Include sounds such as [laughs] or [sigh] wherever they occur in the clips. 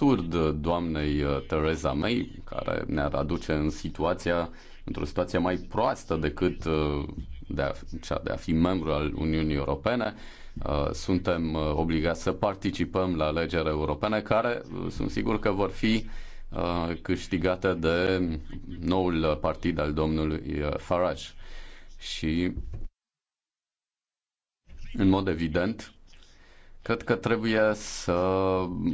absurd doamnei uh, Theresa May, care ne-ar aduce în situația, într-o situație mai proastă decât uh, de a, cea de a fi membru al Uniunii Europene. Uh, suntem obligați să participăm la alegeri europene care sunt sigur că vor fi câștigate de noul partid al domnului Farage. Și în mod evident, Cred că trebuie să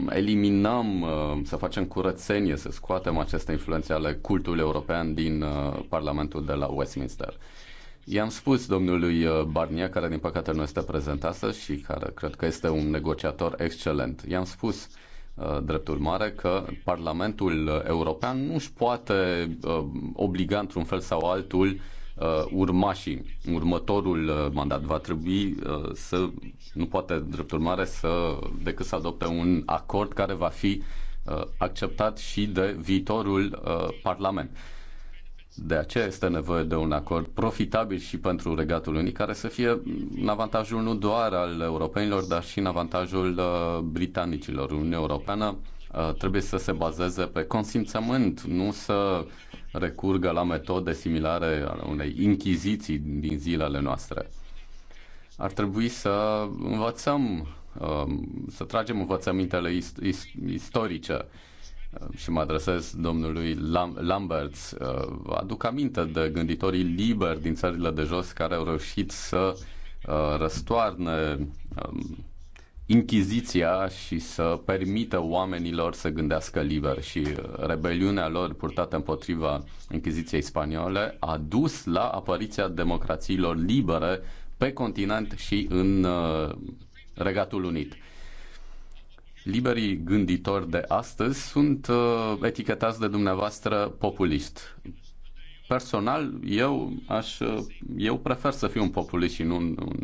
eliminăm, să facem curățenie, să scoatem aceste influențe ale cultului european din uh, Parlamentul de la Westminster. I-am spus domnului uh, Barnier, care din păcate nu este prezent astăzi și care cred că este un negociator excelent, i-am spus uh, drept urmare că Parlamentul European nu își poate obliga într-un fel sau altul uh, urmașii. Următorul uh, mandat va trebui uh, să nu poate, drept urmare, să decât să adopte un acord care va fi uh, acceptat și de viitorul uh, Parlament. De aceea este nevoie de un acord profitabil și pentru Regatul Unit, care să fie în avantajul nu doar al europenilor, dar și în avantajul uh, britanicilor. Uniunea Europeană uh, trebuie să se bazeze pe consimțământ, nu să recurgă la metode similare ale unei inchiziții din zilele noastre. Ar trebui să învățăm, um, să tragem învățămintele istorice um, și mă adresez domnului Lam- Lamberts. Uh, aduc aminte de gânditorii liberi din țările de jos care au reușit să uh, răstoarne um, Inchiziția și să permită oamenilor să gândească liber și uh, rebeliunea lor purtată împotriva Inchiziției spaniole a dus la apariția democrațiilor libere pe continent și în uh, Regatul Unit. Liberii gânditori de astăzi sunt uh, etichetați de dumneavoastră populist. Personal, eu, aș, uh, eu prefer să fiu un populist și nu un, un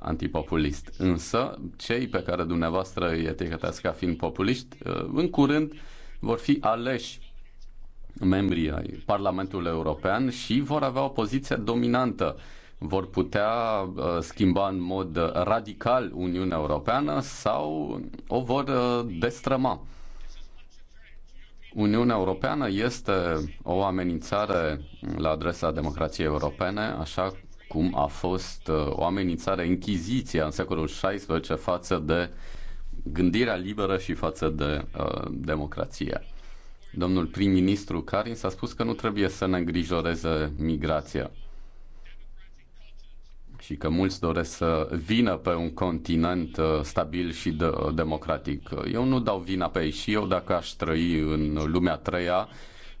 antipopulist. Însă, cei pe care dumneavoastră îi etichetați ca fiind populiști, uh, în curând vor fi aleși membrii ai Parlamentului European și vor avea o poziție dominantă. Vor putea uh, schimba în mod radical Uniunea Europeană sau o vor uh, destrăma. Uniunea Europeană este o amenințare la adresa democrației europene, așa cum a fost uh, o amenințare închiziția în secolul XVI față de gândirea liberă și față de uh, democrație. Domnul prim-ministru Karin s-a spus că nu trebuie să ne îngrijoreze migrația și că mulți doresc să vină pe un continent uh, stabil și de- democratic. Eu nu dau vina pe ei și eu dacă aș trăi în lumea treia,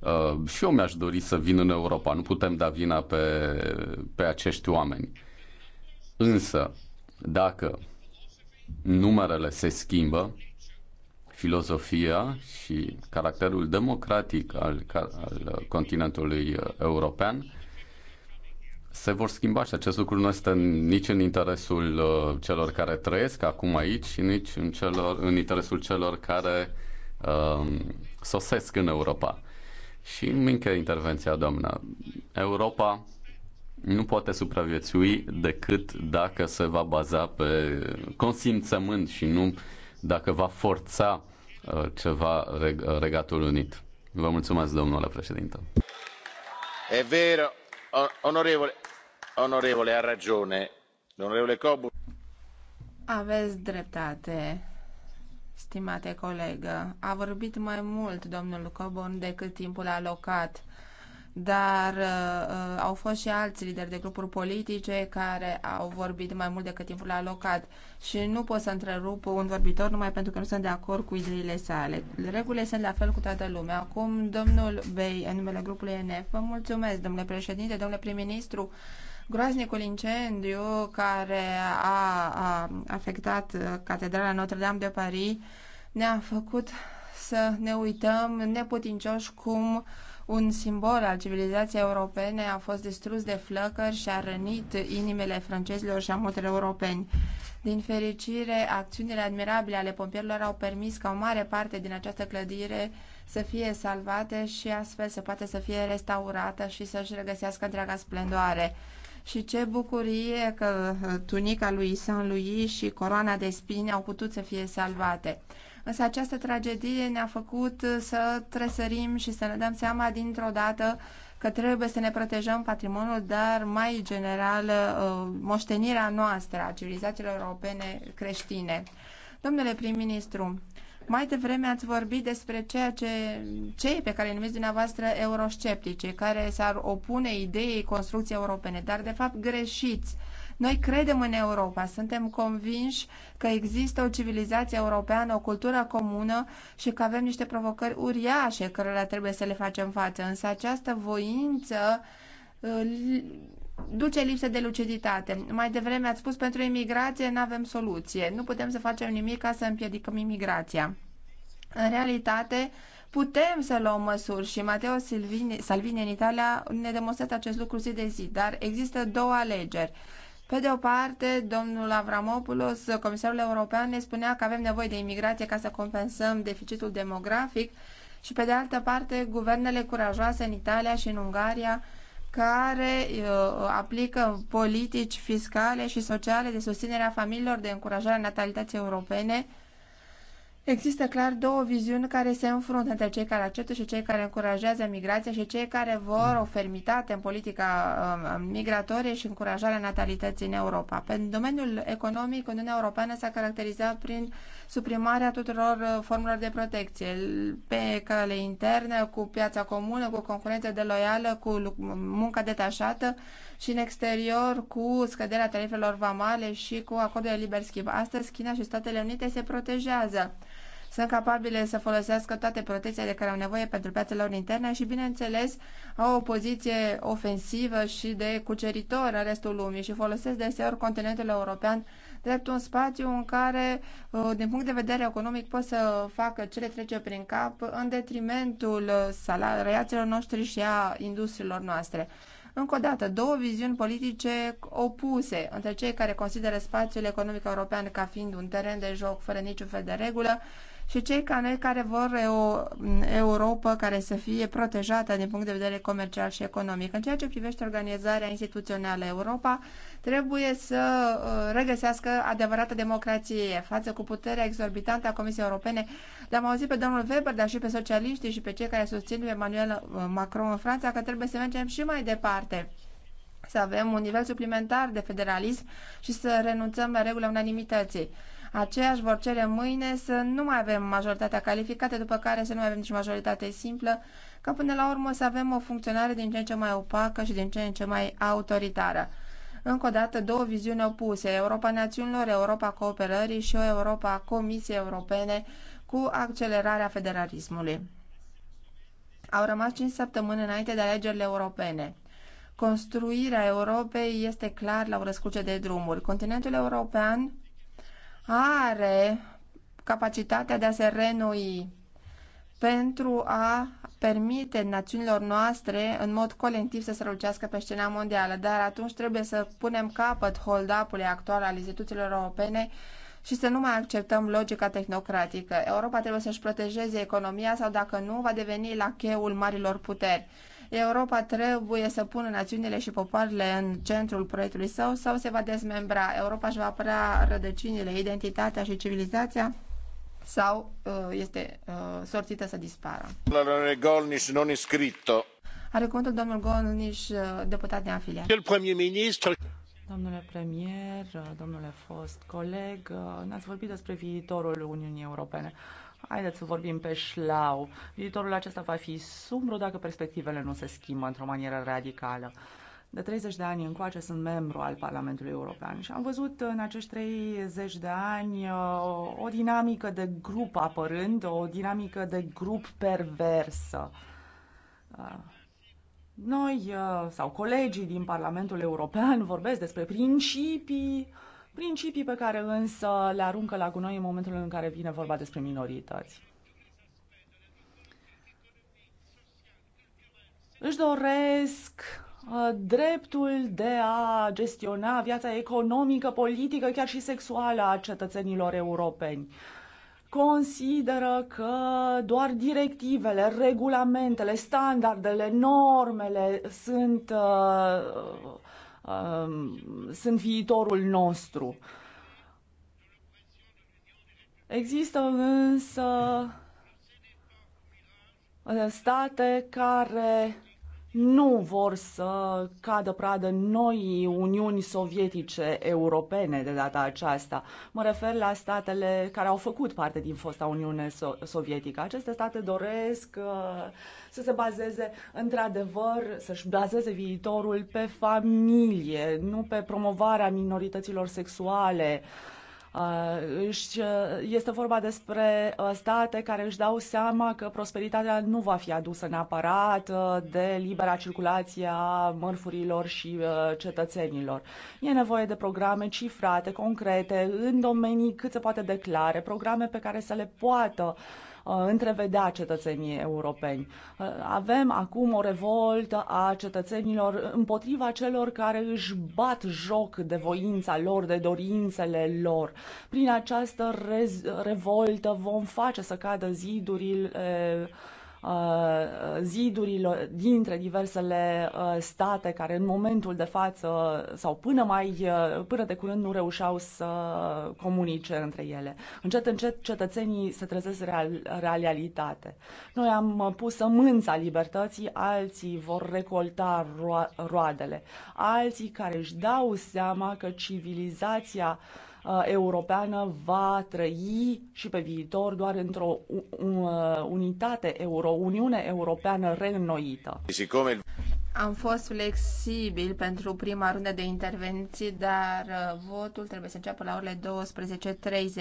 Uh, și eu mi-aș dori să vin în Europa. Nu putem da vina pe, pe acești oameni. Însă, dacă numerele se schimbă, filozofia și caracterul democratic al, al continentului uh, european se vor schimba și acest lucru nu este nici în interesul uh, celor care trăiesc acum aici și nici în, celor, în interesul celor care um, sosesc în Europa. Și îmi încă intervenția, doamnă. Europa nu poate supraviețui decât dacă se va baza pe consimțământ și nu dacă va forța uh, ceva uh, Regatul Unit. Vă mulțumesc, domnule președinte. E vero, onorevole, onorevole, a ragione. Onorevole Cobu. Aveți dreptate, stimate colegă. A vorbit mai mult domnul Coborn decât timpul alocat, dar uh, uh, au fost și alți lideri de grupuri politice care au vorbit mai mult decât timpul alocat și nu pot să întrerup un vorbitor numai pentru că nu sunt de acord cu ideile sale. Regulile sunt la fel cu toată lumea. Acum, domnul Bey, în numele grupului NF, vă mulțumesc, domnule președinte, domnule prim-ministru, uh, groaznicul incendiu care a, a afectat uh, Catedrala Notre-Dame de Paris ne-a făcut să ne uităm neputincioși cum un simbol al civilizației europene a fost distrus de flăcări și a rănit inimile francezilor și a multor europeni. Din fericire, acțiunile admirabile ale pompierilor au permis ca o mare parte din această clădire să fie salvate și astfel să poată să fie restaurată și să-și regăsească întreaga splendoare. Și ce bucurie că uh, tunica lui Saint-Louis și coroana de spini au putut să fie salvate. Însă această tragedie ne-a făcut uh, să tresărim și să ne dăm seama dintr-o dată că trebuie să ne protejăm patrimoniul, dar mai general uh, moștenirea noastră a civilizațiilor europene creștine. Domnule prim-ministru, mai devreme ați vorbit despre ceea ce cei pe care îi numiți dumneavoastră eurosceptice, care s-ar opune ideii construcției europene, dar de fapt greșiți. Noi credem în Europa, suntem convinși că există o civilizație europeană, o cultură comună și că avem niște provocări uriașe cărora trebuie să le facem față. Însă această voință duce lipsă de luciditate. Mai devreme ați spus, pentru imigrație nu avem soluție. Nu putem să facem nimic ca să împiedicăm imigrația. În realitate, putem să luăm măsuri și Mateo Salvini, Salvini în Italia ne demonstrează acest lucru zi de zi, dar există două alegeri. Pe de o parte, domnul Avramopoulos, comisarul european, ne spunea că avem nevoie de imigrație ca să compensăm deficitul demografic și pe de altă parte, guvernele curajoase în Italia și în Ungaria care uh, aplică politici fiscale și sociale de susținere a familiilor de încurajare a natalității europene, există clar două viziuni care se înfruntă între cei care acceptă și cei care încurajează migrația și cei care vor o fermitate în politica uh, migratorie și încurajarea natalității în Europa. Pentru domeniul economic, Uniunea Europeană s-a caracterizat prin uh, suprimarea tuturor uh, formelor de protecție pe cale internă, cu piața comună, cu concurență deloială, cu munca detașată și în exterior cu scăderea tarifelor vamale și cu acordul de liber schimb. Astăzi China și Statele Unite se protejează sunt capabile să folosească toate protecțiile de care au nevoie pentru piațele lor interne și, bineînțeles, au o poziție ofensivă și de cuceritor în restul lumii și folosesc deseori continentul european drept un spațiu în care, uh, din punct de vedere economic, pot să facă ce le trece prin cap în detrimentul salariaților noștri și a industriilor noastre. Încă o dată, două viziuni politice opuse între cei care consideră spațiul economic european ca fiind un teren de joc fără niciun fel de regulă și cei ca noi care vor o Europa care să fie protejată din punct de vedere comercial și economic. În ceea ce privește organizarea instituțională Europa, trebuie să uh, regăsească adevărată democrație față cu puterea exorbitantă a Comisiei Europene. L-am auzit pe domnul Weber, dar și pe socialiștii și pe cei care susțin Emmanuel uh, Macron în Franța că trebuie să mergem și mai departe să avem un nivel suplimentar de federalism și să renunțăm la regula unanimității. Aceeași vor cere mâine să nu mai avem majoritatea calificată, după care să nu mai avem nici majoritate simplă, ca până la urmă să avem o funcționare din ce în ce mai opacă și din ce în ce mai autoritară încă o dată două viziuni opuse, Europa Națiunilor, Europa Cooperării și o Europa Comisiei Europene cu accelerarea federalismului. Au rămas 5 săptămâni înainte de alegerile europene. Construirea Europei este clar la o răscruce de drumuri. Continentul european are capacitatea de a se renoi pentru a permite națiunilor noastre în mod colectiv să strălucească pe scena mondială, dar atunci trebuie să punem capăt hold-up-ului actual al instituțiilor europene și să nu mai acceptăm logica tehnocratică. Europa trebuie să-și protejeze economia sau, dacă nu, va deveni la cheul marilor puteri. Europa trebuie să pună națiunile și popoarele în centrul proiectului său sau se va dezmembra. Europa își va apăra rădăcinile, identitatea și civilizația sau uh, este uh, sortită să dispară. Domnul Golniș, non iscritto. Are contul domnul Golniș, uh, deputat de neafiliat. Domnule premier, domnule fost coleg, ne-ați vorbit despre viitorul Uniunii Europene. Haideți să vorbim pe șlau. Viitorul acesta va fi sumbru dacă perspectivele nu se schimbă într-o manieră radicală. De 30 de ani încoace sunt membru al Parlamentului European și am văzut în acești 30 de ani uh, o dinamică de grup apărând, o dinamică de grup perversă. Uh, noi uh, sau colegii din Parlamentul European [laughs] vorbesc despre principii, principii pe care însă le aruncă la gunoi în momentul în care vine vorba despre minorități. Își doresc Uh, dreptul de a gestiona viața economică, politică, chiar și sexuală a cetățenilor europeni. Consideră că doar directivele, regulamentele, standardele, normele sunt, uh, uh, sunt viitorul nostru. Există însă uh, state care nu vor să cadă pradă noi uniuni sovietice europene de data aceasta. Mă refer la statele care au făcut parte din fosta Uniune Sovietică. Aceste state doresc uh, să se bazeze într-adevăr, să-și bazeze viitorul pe familie, nu pe promovarea minorităților sexuale, uh, Uh, își, uh, este vorba despre uh, state care își dau seama că prosperitatea nu va fi adusă neapărat de libera circulație a mărfurilor și cetățenilor. E nevoie de programe cifrate, concrete, în domenii cât se poate declare, programe pe care să le poată uh, Uh, întrevedea cetățenii europeni. Uh, avem acum o revoltă a cetățenilor împotriva celor care își bat joc de voința lor, de dorințele lor. Prin această revoltă vom face să cadă zidurile Uh, zidurilor dintre diversele uh, state care în momentul de față sau până mai uh, până de curând nu reușeau să comunice între ele. Încet, încet cetățenii se trezesc real, realitate. Noi am pus sămânța libertății, alții vor recolta roadele. Alții care își dau seama că civilizația uh, Uh, europeană va trăi și pe viitor doar într-o uh, unitate euro, Uniune Europeană reînnoită. Am fost flexibil pentru prima rundă de intervenții, dar uh, votul trebuie să înceapă la orele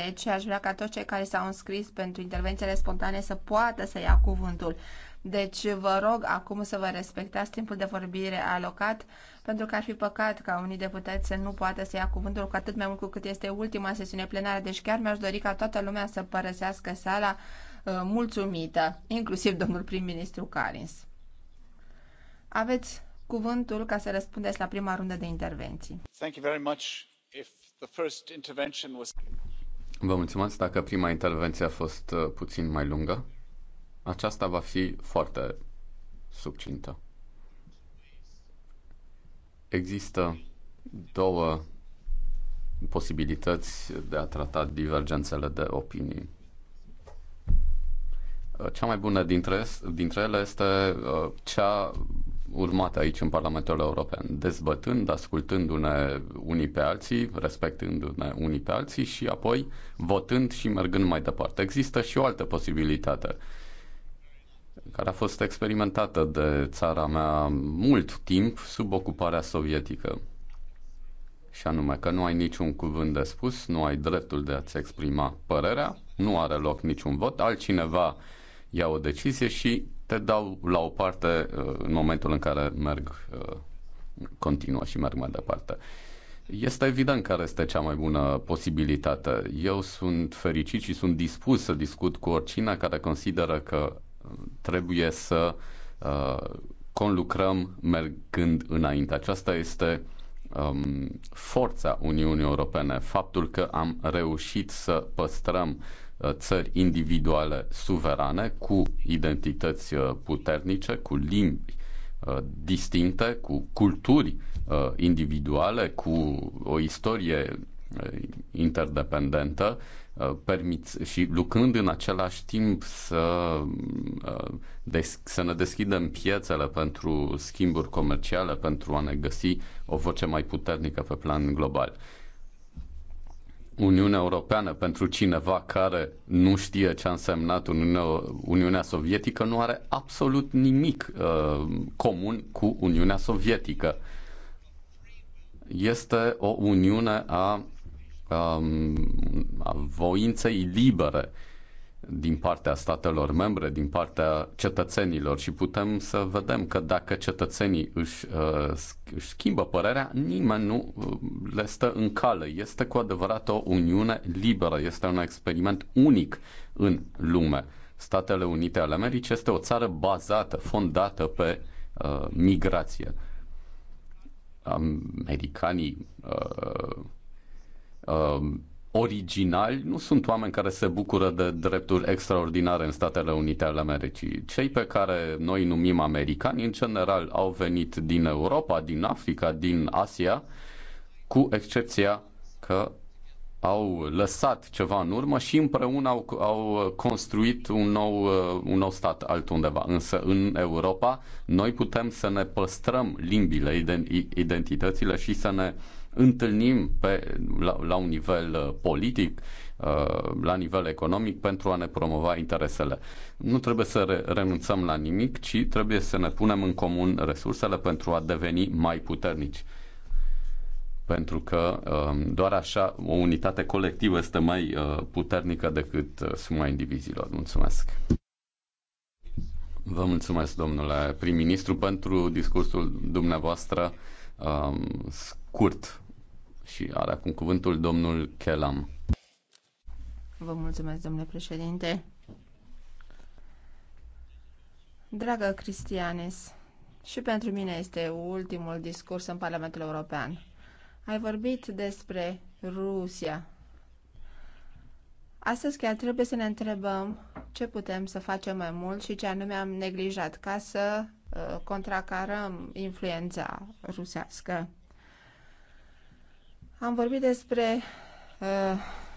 12.30 și aș vrea ca toți cei care s-au înscris pentru intervențiile spontane să poată să ia cuvântul. Deci vă rog acum să vă respectați timpul de vorbire alocat, pentru că ar fi păcat ca unii deputați să nu poată să ia cuvântul cu atât mai mult cu cât este ultima sesiune plenară. Deci chiar mi-aș dori ca toată lumea să părăsească sala uh, mulțumită, inclusiv domnul prim-ministru Carins. Aveți cuvântul ca să răspundeți la prima rundă de intervenții. Thank you very much. If the first intervention was... Vă mulțumesc dacă prima intervenție a fost uh, puțin mai lungă. Aceasta va fi foarte succintă. Există două posibilități de a trata divergențele de opinii. Cea mai bună dintre, dintre ele este uh, cea urmată aici în Parlamentul European, dezbătând, ascultându-ne unii pe alții, respectându-ne unii pe alții și apoi votând și mergând mai departe. Există și o altă posibilitate care a fost experimentată de țara mea mult timp sub ocuparea sovietică. Și anume că nu ai niciun cuvânt de spus, nu ai dreptul de a-ți exprima părerea, nu are loc niciun vot, altcineva ia o decizie și te dau la o parte uh, în momentul în care merg, uh, continuă și merg mai departe. Este evident care este cea mai bună posibilitate. Eu sunt fericit și sunt dispus să discut cu oricine care consideră că trebuie să uh, conlucrăm mergând înainte. Aceasta este um, forța Uniunii Europene, faptul că am reușit să păstrăm uh, țări individuale suverane cu identități uh, puternice, cu limbi distincte, cu culturi individuale, cu o istorie interdependentă Uh, permit și lucrând în același timp să, uh, des, să ne deschidem piețele pentru schimburi comerciale, pentru a ne găsi o voce mai puternică pe plan global. Uniunea Europeană pentru cineva care nu știe ce a însemnat Uniunea, Uniunea Sovietică nu are absolut nimic uh, comun cu Uniunea Sovietică. Este o uniune a um, voinței libere din partea statelor membre, din partea cetățenilor și putem să vedem că dacă cetățenii își, uh, își schimbă părerea, nimeni nu uh, le stă în cale. Este cu adevărat o uniune liberă, este un experiment unic în lume. Statele Unite ale Americii este o țară bazată, fondată pe uh, migrație. Americanii uh, Um, originali nu sunt oameni care se bucură de drepturi extraordinare în Statele Unite ale Americii. Cei pe care noi numim americani, în general, au venit din Europa, din Africa, din Asia, cu excepția că au lăsat ceva în urmă și împreună au, au construit un nou, uh, un nou stat altundeva. Însă în Europa noi putem să ne păstrăm limbile, identitățile și să ne întâlnim pe, la, la un nivel uh, politic, uh, la nivel economic, pentru a ne promova interesele. Nu trebuie să re- renunțăm la nimic, ci trebuie să ne punem în comun resursele pentru a deveni mai puternici pentru că um, doar așa o unitate colectivă este mai uh, puternică decât suma indivizilor. Mulțumesc! Vă mulțumesc, domnule prim-ministru, pentru discursul dumneavoastră um, scurt și are acum cuvântul domnul Kelam. Vă mulțumesc, domnule președinte. Dragă Cristianis, și pentru mine este ultimul discurs în Parlamentul European. Ai vorbit despre Rusia. Astăzi chiar trebuie să ne întrebăm ce putem să facem mai mult și ce anume am neglijat ca să uh, contracarăm influența rusească. Am vorbit despre uh,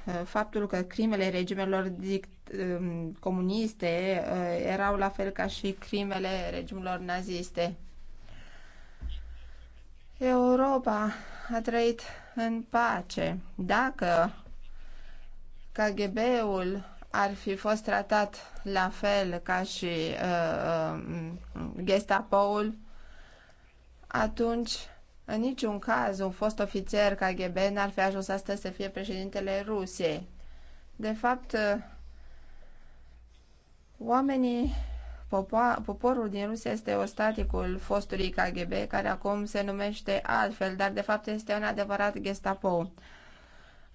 uh, faptul că crimele regimelor dict, uh, comuniste uh, erau la fel ca și crimele regimelor naziste. Europa a trăit în pace. Dacă KGB-ul ar fi fost tratat la fel ca și uh, um, Gestapo-ul, atunci în niciun caz un fost ofițer KGB n-ar fi ajuns astăzi să fie președintele Rusiei. De fapt, oamenii, popo- poporul din Rusia este ostaticul fostului KGB, care acum se numește altfel, dar de fapt este un adevărat gestapo.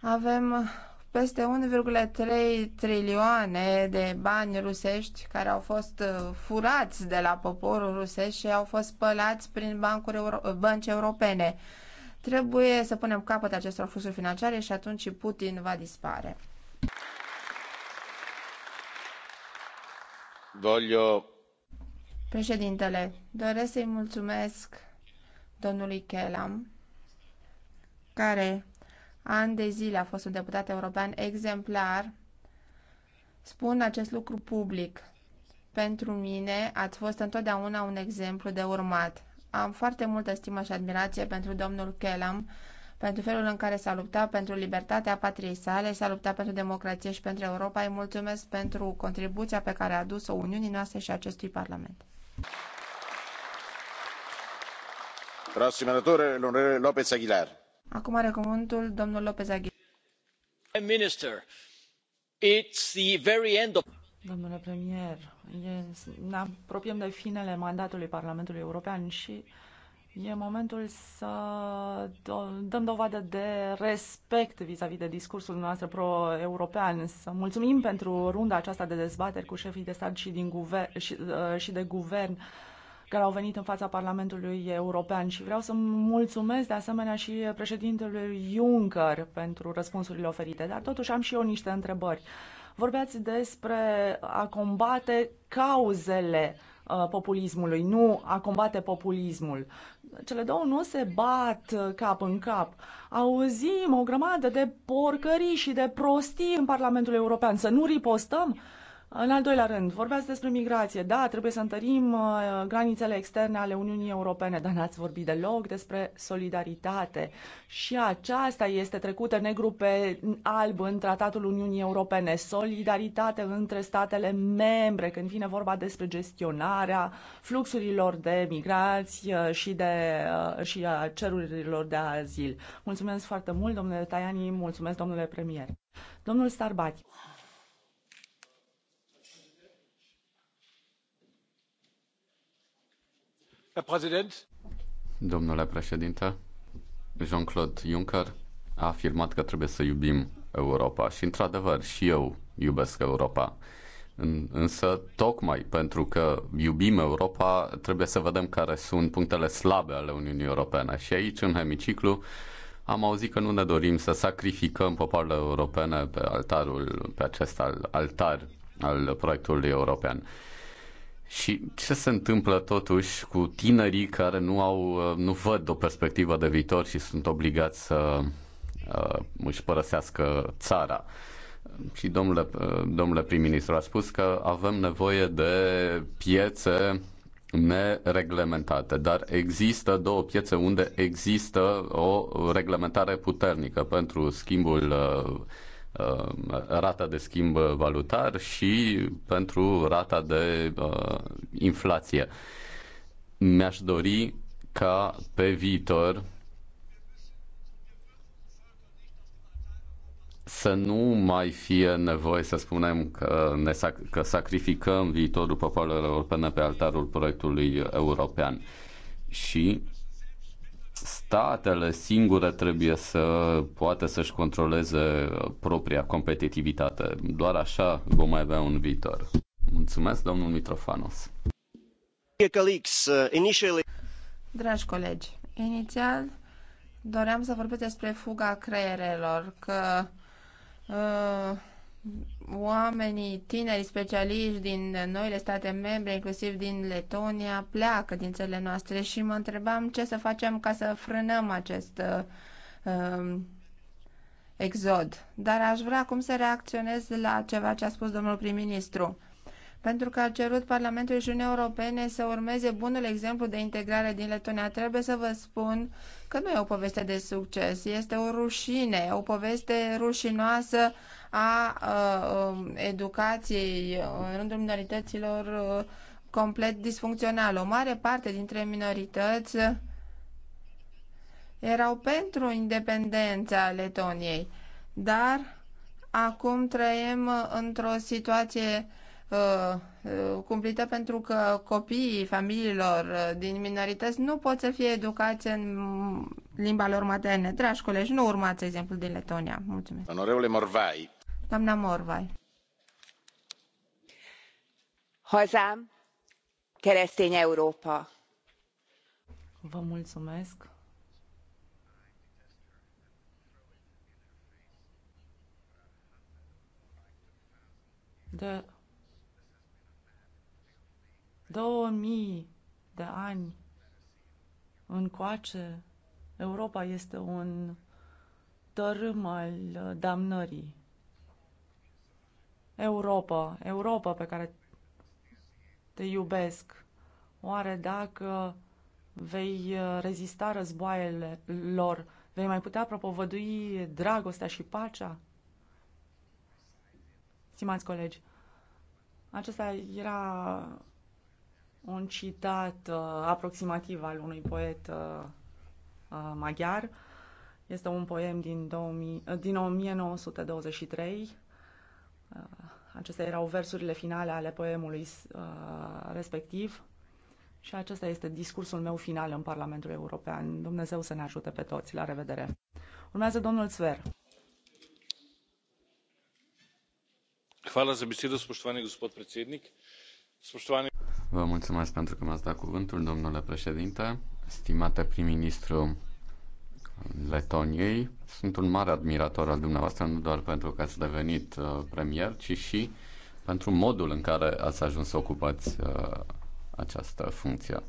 Avem peste 1,3 trilioane de bani rusești care au fost uh, furați de la poporul rusesc și au fost spălați prin bancuri euro- bănci europene. Trebuie să punem capăt acestor fluxuri financiare și atunci Putin va dispare. Voglio... Președintele, doresc să-i mulțumesc domnului Kelam, care ani de zile a fost un deputat european exemplar. Spun acest lucru public. Pentru mine ați fost întotdeauna un exemplu de urmat. Am foarte multă stimă și admirație pentru domnul Kellam, pentru felul în care s-a luptat pentru libertatea patriei sale, s-a luptat pentru democrație și pentru Europa. Îi mulțumesc pentru contribuția pe care a adus-o Uniunii noastre și acestui Parlament. Prossimo oratore, l'onorevole Lopez Aguilar Acum are cuvântul domnul Domnule premier, ne apropiem de finele mandatului Parlamentului European și e momentul să dăm dovadă de respect vizavi de discursul nostru pro-european, să mulțumim pentru runda aceasta de dezbateri cu șefii de stat și, din guver- și, uh, și de guvern uh, care au venit în fața Parlamentului European și vreau să mulțumesc de asemenea și președintelui Juncker pentru răspunsurile oferite, dar totuși am și eu niște întrebări. Vorbeați despre a combate cauzele uh, populismului, nu a combate populismul. Cele două nu se bat cap în cap. Auzim o grămadă de porcării și de prostii în Parlamentul European. Să nu ripostăm? În al doilea rând, vorbeați despre migrație. Da, trebuie să întărim uh, granițele externe ale Uniunii Europene, dar n-ați vorbit deloc despre solidaritate. Și aceasta este trecută negru pe alb în Tratatul Uniunii Europene. Solidaritate între statele membre când vine vorba despre gestionarea fluxurilor de migrați uh, și, de, uh, și a cerurilor de azil. Mulțumesc foarte mult, domnule Taiani, mulțumesc, domnule premier. Domnul Starbati. Domnule președinte, Jean-Claude Juncker a afirmat că trebuie să iubim Europa și, într-adevăr, și eu iubesc Europa. Însă, tocmai pentru că iubim Europa, trebuie să vedem care sunt punctele slabe ale Uniunii Europene. Și aici, în hemiciclu, am auzit că nu ne dorim să sacrificăm popoarele europene pe altarul, pe acest altar al proiectului european. Și ce se întâmplă totuși cu tinerii care nu au, uh, nu văd o perspectivă de viitor și sunt obligați să uh, își părăsească țara? Și domnule, uh, domnule prim-ministru a spus că avem nevoie de piețe nereglementate, dar există două piețe unde există o reglementare puternică pentru schimbul uh, Uh, rata de schimb valutar și pentru rata de uh, inflație. Mi-aș dori ca pe viitor să nu mai fie nevoie să spunem că, ne sac- că sacrificăm viitorul popoarelor europene pe altarul proiectului european. Și statele singure trebuie să poată să-și controleze propria competitivitate. Doar așa vom mai avea un viitor. Mulțumesc, domnul Mitrofanos. Uh, Dragi colegi, inițial doream să vorbesc despre fuga creierelor, că uh, oamenii tineri specialiști din noile state membre, inclusiv din Letonia, pleacă din țările noastre și mă întrebam ce să facem ca să frânăm acest uh, um, exod. Dar aș vrea cum să reacționez la ceva ce a spus domnul prim-ministru pentru că a cerut Parlamentului și Uniunii Europene să urmeze bunul exemplu de integrare din Letonia. Trebuie să vă spun că nu e o poveste de succes, este o rușine, o poveste rușinoasă a um, educației în rândul minorităților uh, complet disfuncțională. O mare parte dintre minorități erau pentru independența Letoniei, dar acum trăim într-o situație uh, uh, cumplită pentru că copiii familiilor uh, din minorități nu pot să fie educați în limba lor maternă. Dragi colegi, nu urmați exemplul din Letonia. Mulțumesc. Onorevole Morvai. Doamna Morvai. Hazám, keresztény Európa. Vă mulțumesc. De 2000 de ani încoace, Europa este un tărâm al damnării. Europa, Europa pe care te iubesc, oare dacă vei uh, rezista războaiele lor, vei mai putea propovădui dragostea și pacea? Stimați colegi, acesta era un citat uh, aproximativ al unui poet uh, uh, maghiar. Este un poem din, 2000, uh, din 1923. Uh, Acestea erau versurile finale ale poemului uh, respectiv și acesta este discursul meu final în Parlamentul European. Dumnezeu să ne ajute pe toți. La revedere! Urmează domnul Sver. Hvala za besedo, spoštovani gospod predsednik. Spoštovani... Vă mulțumesc pentru că mi-ați dat cuvântul, domnule președinte, stimate prim-ministru Letoniei. Sunt un mare admirator al dumneavoastră, nu doar pentru că ați devenit uh, premier, ci și pentru modul în care ați ajuns să ocupați uh, această funcție.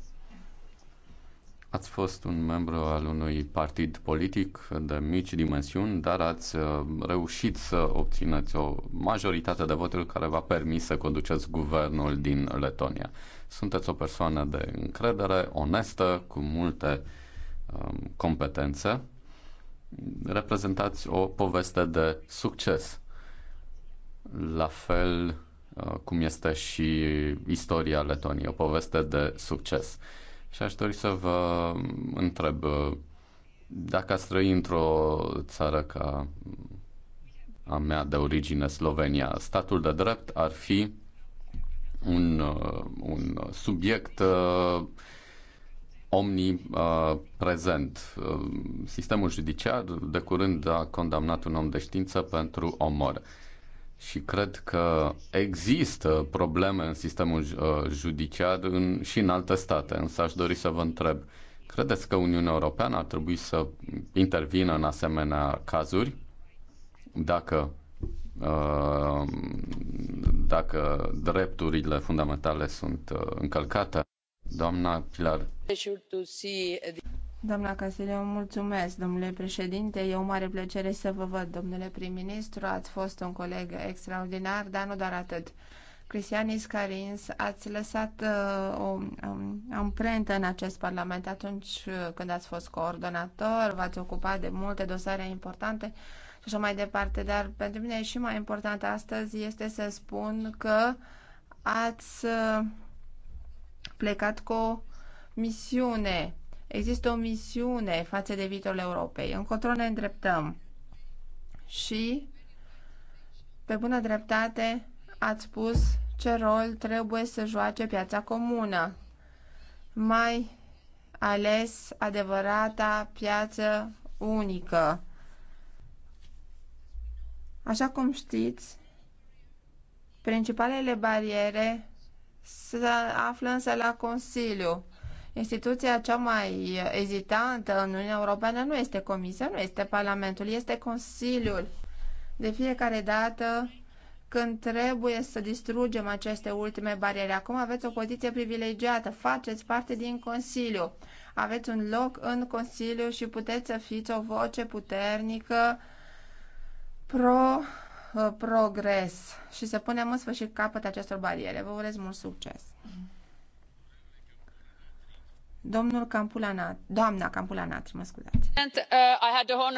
Ați fost un membru al unui partid politic de mici dimensiuni, dar ați uh, reușit să obțineți o majoritate de voturi care v-a permis să conduceți guvernul din Letonia. Sunteți o persoană de încredere, onestă, cu multe uh, Um, competențe, reprezentați o poveste de succes. La fel uh, cum este și istoria Letoniei, o poveste de succes. Și aș dori să vă întreb uh, dacă ați trăi într-o țară ca a mea de origine, Slovenia, statul de drept ar fi un, uh, un subiect omniprezent. Sistemul judiciar de curând a condamnat un om de știință pentru omor. Și cred că există probleme în sistemul uh, judiciar în, și în alte state, însă aș dori să vă întreb, credeți că Uniunea Europeană ar trebui să intervină în asemenea cazuri? Dacă uh, dacă drepturile fundamentale sunt uh, încălcate doamnă Pilar. Doamna mulțumesc, domnule președinte. E o mare plăcere să vă văd, domnule prim-ministru. Ați fost un coleg extraordinar, dar nu doar atât. Cristianis Carins, ați lăsat uh, o um, amprentă în acest parlament atunci uh, când ați fost coordonator, v-ați ocupat de multe dosare importante și așa mai departe, dar pentru mine și mai important astăzi este să spun că ați uh, plecat cu o misiune. Există o misiune față de viitorul Europei. Încotro ne îndreptăm. Și, pe bună dreptate, ați spus ce rol trebuie să joace piața comună. Mai ales adevărata piață unică. Așa cum știți, principalele bariere se află însă la Consiliu. Instituția cea mai ezitantă în Uniunea Europeană nu este Comisia, nu este Parlamentul, este Consiliul. De fiecare dată când trebuie să distrugem aceste ultime bariere. Acum aveți o poziție privilegiată, faceți parte din Consiliu, aveți un loc în Consiliu și puteți să fiți o voce puternică pro Uh, progres și să punem în sfârșit capăt acestor bariere. Vă urez mult succes! Domnul Campulanat, doamna Campulanat, mă scuzați. Uh,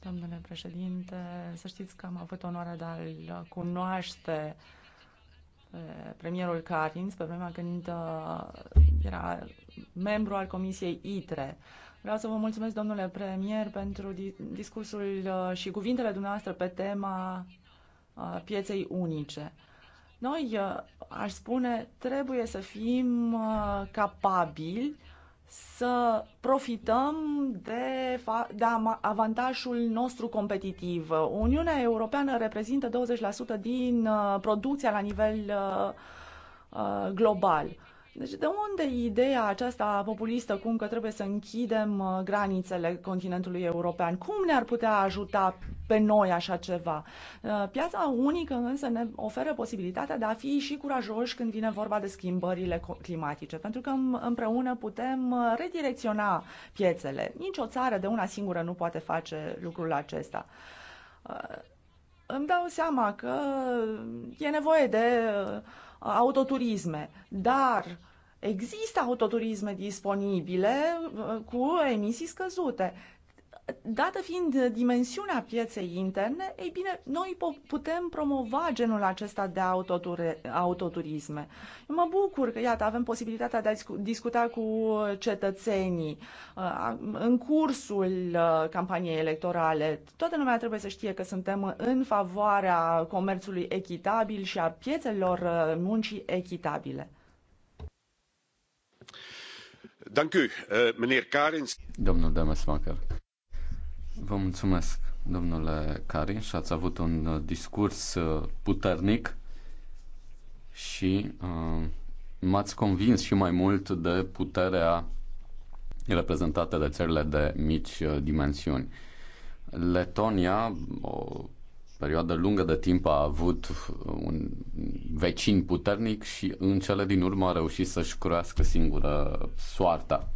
domnule președinte, să știți că am avut onoarea de a-l cunoaște premierul Carins pe vremea când uh, era membru al Comisiei ITRE. Vreau să vă mulțumesc, domnule premier, pentru discursul și cuvintele dumneavoastră pe tema pieței unice. Noi, aș spune, trebuie să fim capabili să profităm de, de avantajul nostru competitiv. Uniunea Europeană reprezintă 20% din producția la nivel global. Deci de unde ideea aceasta populistă cum că trebuie să închidem granițele continentului european? Cum ne-ar putea ajuta pe noi așa ceva. Uh, piața unică însă ne oferă posibilitatea de a fi și curajoși când vine vorba de schimbările climatice, pentru că împreună putem uh, redirecționa piețele. Nici o țară de una singură nu poate face lucrul acesta uh, îmi dau seama că e nevoie de autoturisme, dar există autoturisme disponibile cu emisii scăzute. Dată fiind dimensiunea pieței interne, ei bine, noi putem promova genul acesta de autoture, autoturisme. Eu mă bucur că, iată, avem posibilitatea de a discu discuta cu cetățenii uh, în cursul uh, campaniei electorale. Toată lumea trebuie să știe că suntem în favoarea comerțului echitabil și a piețelor uh, muncii echitabile. Dank u, meneer Karins. Domnul Demesmacher. Vă mulțumesc, domnule Cari, și ați avut un uh, discurs uh, puternic și uh, m-ați convins și mai mult de puterea reprezentată de țările de mici uh, dimensiuni. Letonia, o perioadă lungă de timp, a avut un vecin puternic și în cele din urmă a reușit să-și curească singură soarta.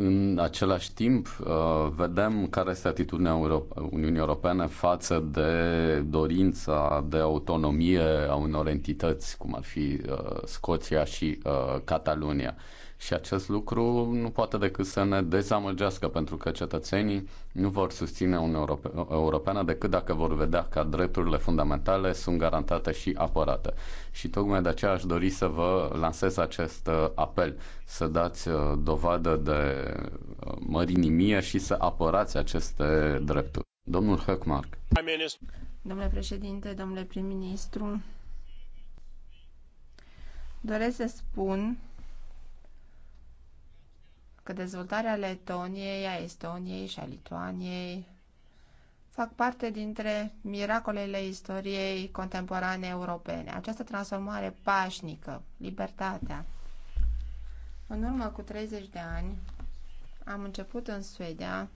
În același timp, uh, vedem care este atitudinea Uniunii Europene față de dorința de autonomie a unor entități, cum ar fi uh, Scoția și uh, Catalunia. Și acest lucru nu poate decât să ne dezamăgească, pentru că cetățenii nu vor susține Uniunea Europe- Europeană decât dacă vor vedea că drepturile fundamentale sunt garantate și apărate. Și tocmai de aceea aș dori să vă lansez acest uh, apel, să dați uh, dovadă de uh, mărinimie și să apărați aceste drepturi. Domnul Höckmark. Domnule președinte, domnule prim-ministru, doresc să spun că dezvoltarea Letoniei, a Estoniei și a Lituaniei fac parte dintre miracolele istoriei contemporane europene. Această transformare pașnică, libertatea. În urmă cu 30 de ani am început în Suedia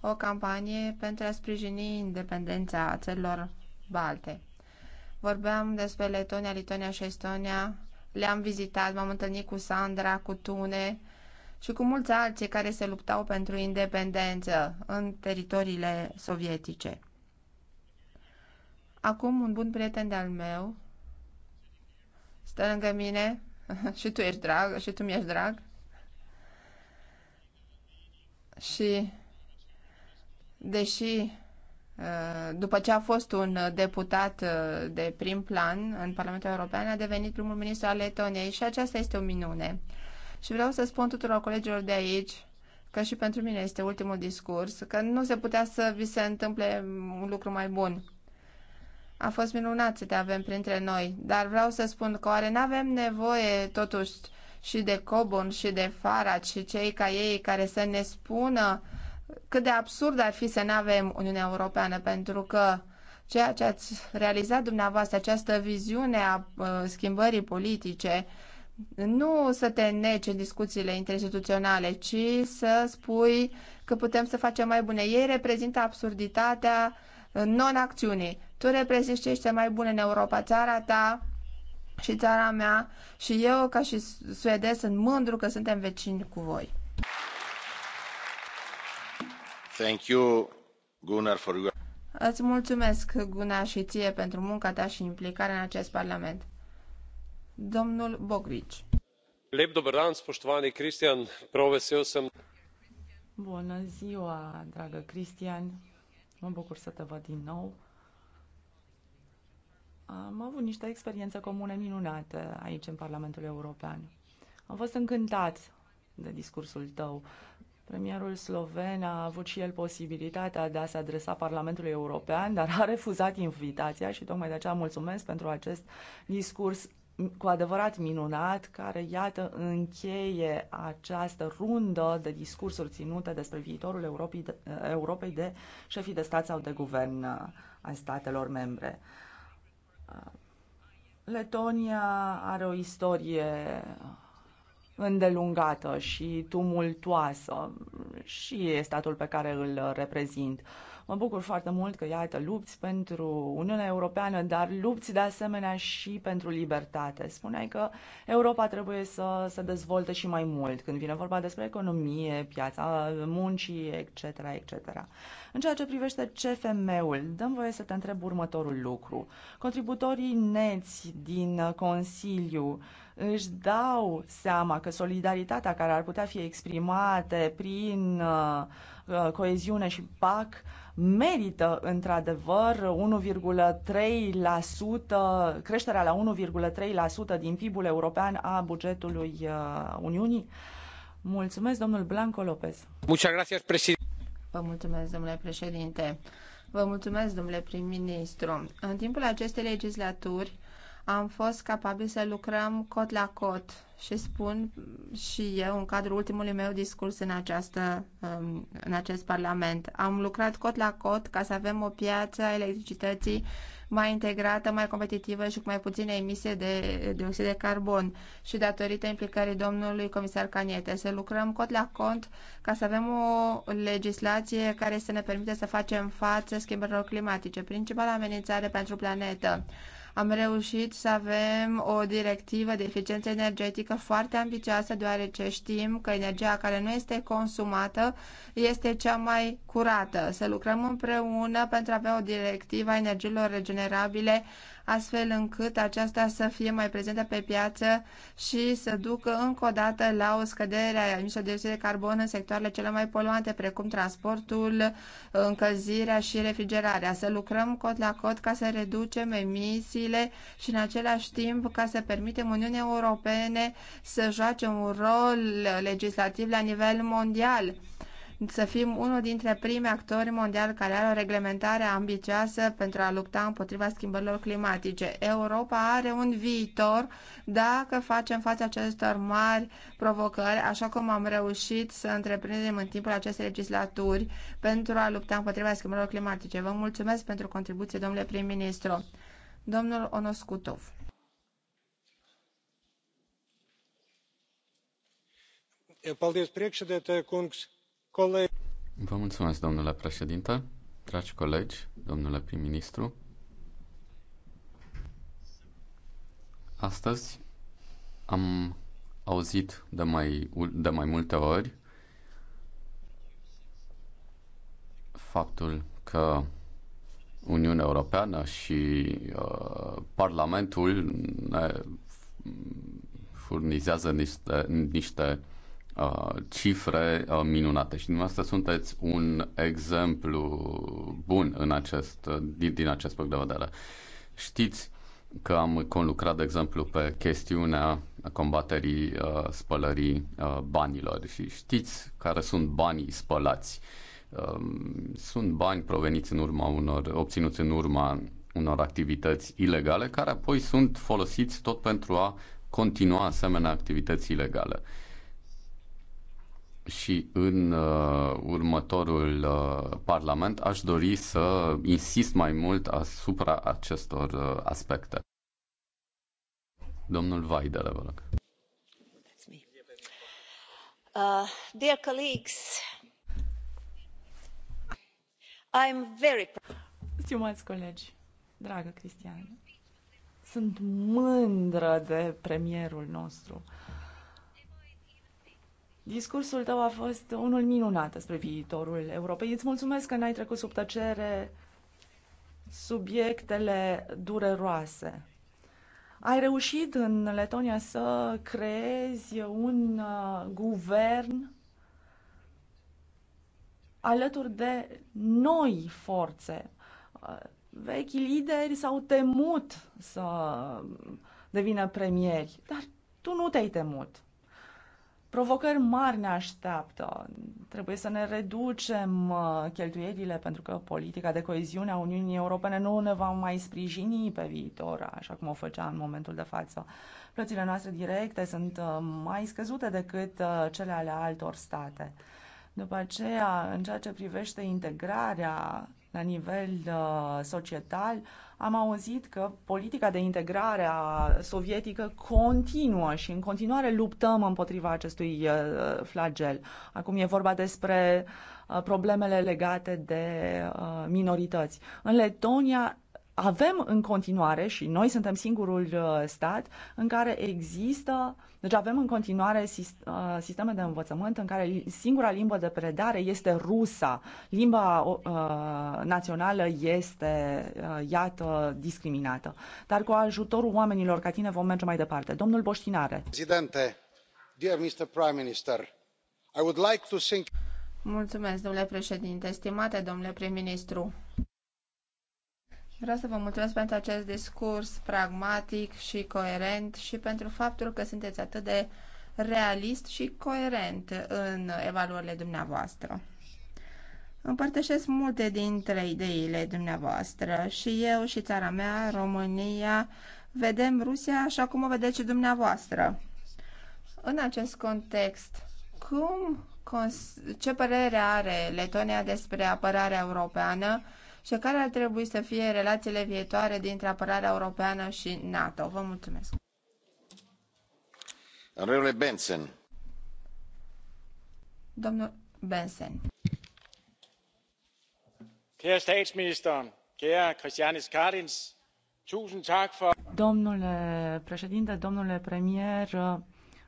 o campanie pentru a sprijini independența țărilor balte. Vorbeam despre Letonia, Lituania și Estonia, le-am vizitat, m-am întâlnit cu Sandra, cu Tune, și cu mulți alții care se luptau pentru independență în teritoriile sovietice. Acum un bun prieten de-al meu stă lângă mine [laughs] și tu ești drag și tu mi-ești drag și deși uh, după ce a fost un deputat uh, de prim plan în Parlamentul European, a devenit primul ministru al Letoniei și aceasta este o minune. Și vreau să spun tuturor colegilor de aici că și pentru mine este ultimul discurs, că nu se putea să vi se întâmple un lucru mai bun. A fost minunat să te avem printre noi, dar vreau să spun că oare nu avem nevoie totuși și de Cobon și de Farad și cei ca ei care să ne spună cât de absurd ar fi să nu avem Uniunea Europeană, pentru că ceea ce ați realizat dumneavoastră, această viziune a uh, schimbării politice, nu să te neci în discuțiile interinstituționale, ci să spui că putem să facem mai bune. Ei reprezintă absurditatea uh, non-acțiunii. Tu reprezinți ce este mai bun în Europa, țara ta și țara mea și eu ca și suedez sunt mândru că suntem vecini cu voi. Thank you, Gunnar, for your... Îți mulțumesc, Gunnar, și ție pentru munca ta și implicarea în acest Parlament domnul Lep dober dan, spoštovani Cristian, prav vesel sem. Bună ziua, dragă Cristian. Mă bucur să te văd din nou. Am avut niște experiențe comune minunate aici în Parlamentul European. Am fost încântat de discursul tău. Premierul sloven a avut și el posibilitatea de a se adresa Parlamentului European, dar a refuzat invitația și tocmai de aceea mulțumesc pentru acest discurs cu adevărat minunat, care, iată, încheie această rundă de discursuri ținute despre viitorul Europei de, Europei de șefii de stat sau de guvern uh, ai statelor membre. Uh, Letonia are o istorie îndelungată și tumultoasă și statul pe care îl reprezint. Mă bucur foarte mult că, iată, lupți pentru Uniunea Europeană, dar lupți de asemenea și pentru libertate. Spuneai că Europa trebuie să se dezvolte și mai mult când vine vorba despre economie, piața muncii, etc., etc. În ceea ce privește CFM-ul, dăm voie să te întreb următorul lucru. Contributorii neți din Consiliu își dau seama că solidaritatea care ar putea fi exprimate prin uh, coeziune și PAC merită într-adevăr 1,3% creșterea la 1,3% din PIB-ul european a bugetului uh, Uniunii? Mulțumesc, domnul Blanco Lopez. Muchas Vă mulțumesc, domnule președinte. Vă mulțumesc, domnule prim-ministru. În timpul acestei legislaturi am fost capabili să lucrăm cot la cot și spun și eu în cadrul ultimului meu discurs în, această, um, în acest parlament. Am lucrat cot la cot ca să avem o piață a electricității mai integrată, mai competitivă și cu mai puține emise de dioxid de carbon și datorită implicării domnului comisar Caniete. Să lucrăm cot la cont ca să avem o legislație care să ne permite să facem față schimbărilor climatice, principala amenințare pentru planetă am reușit să avem o directivă de eficiență energetică foarte ambicioasă, deoarece știm că energia care nu este consumată este cea mai curată. Să lucrăm împreună pentru a avea o directivă a energiilor regenerabile astfel încât aceasta să fie mai prezentă pe piață și să ducă încă o dată la o scădere a emisiilor de dioxid de carbon în sectoarele cele mai poluante, precum transportul, încălzirea și refrigerarea. Să lucrăm cot la cot ca să reducem emisiile și în același timp ca să permitem Uniunii Europene să joace un rol legislativ la nivel mondial să fim unul dintre primii actori mondiali care are o reglementare ambițioasă pentru a lupta împotriva schimbărilor climatice. Europa are un viitor dacă facem față acestor mari provocări, așa cum am reușit să întreprindem în timpul acestei legislaturi pentru a lupta împotriva schimbărilor climatice. Vă mulțumesc pentru contribuție, domnule prim-ministru. Domnul Onoscutov. Paldies kungs. Vă mulțumesc, domnule președinte, dragi colegi, domnule prim-ministru. Astăzi am auzit de mai, de mai multe ori faptul că Uniunea Europeană și uh, Parlamentul ne furnizează niște, niște Uh, cifre uh, minunate și dumneavoastră sunteți un exemplu bun în acest, uh, din, din acest punct de vedere. Știți că am conlucrat, de exemplu, pe chestiunea combaterii uh, spălării uh, banilor și știți care sunt banii spălați. Uh, sunt bani proveniți în urma unor, obținuți în urma unor activități ilegale, care apoi sunt folosiți tot pentru a continua asemenea activități ilegale. Uh, și în uh, următorul uh, Parlament aș dori să insist mai mult asupra acestor uh, aspecte. Domnul Vaide, vă rog. Uh, dear colleagues, I'm very Stimați colegi, dragă Cristian, sunt mândră de premierul nostru. Uh, Discursul tău a fost unul minunat despre viitorul Europei. Îți mulțumesc că n-ai trecut sub tăcere subiectele dureroase. Ai reușit în Letonia să creezi un uh, guvern alături de noi forțe. Uh, Vechi lideri s-au temut să devină premieri, dar tu nu te-ai temut provocări mari ne așteaptă. Trebuie să ne reducem uh, cheltuielile pentru că politica de coeziune a Uniunii Europene nu ne va mai sprijini pe viitor, așa cum o făcea în momentul de față. Plățile noastre directe sunt uh, mai scăzute decât uh, cele ale altor state. După aceea, în ceea ce privește integrarea la nivel uh, societal, am auzit că politica de integrare a sovietică continuă și în continuare luptăm împotriva acestui uh, flagel. Acum e vorba despre uh, problemele legate de uh, minorități. În Letonia avem în continuare și noi suntem singurul uh, stat în care există, deci avem în continuare uh, sisteme de învățământ în care singura limbă de predare este rusa. Limba uh, națională este, iată, discriminată. Dar cu ajutorul oamenilor ca tine vom merge mai departe. Domnul Boștinare. Prezidente, dear Mr. Prime Minister, I would like to think... Mulțumesc, domnule președinte, stimate domnule prim-ministru. Vreau să vă mulțumesc pentru acest discurs pragmatic și coerent și pentru faptul că sunteți atât de realist și coerent în evaluările dumneavoastră. Împărtășesc multe dintre ideile dumneavoastră și eu și țara mea, România, vedem Rusia așa cum o vedeți și dumneavoastră. În acest context, cum, ce părere are Letonia despre apărarea europeană și care ar trebui să fie relațiile viitoare dintre apărarea europeană și NATO. Vă mulțumesc. Domnule Benson. Domnul Benson. Kære statsminister, kære Christianis Kardins, tusind tak for... Domnule președinte, domnule premier,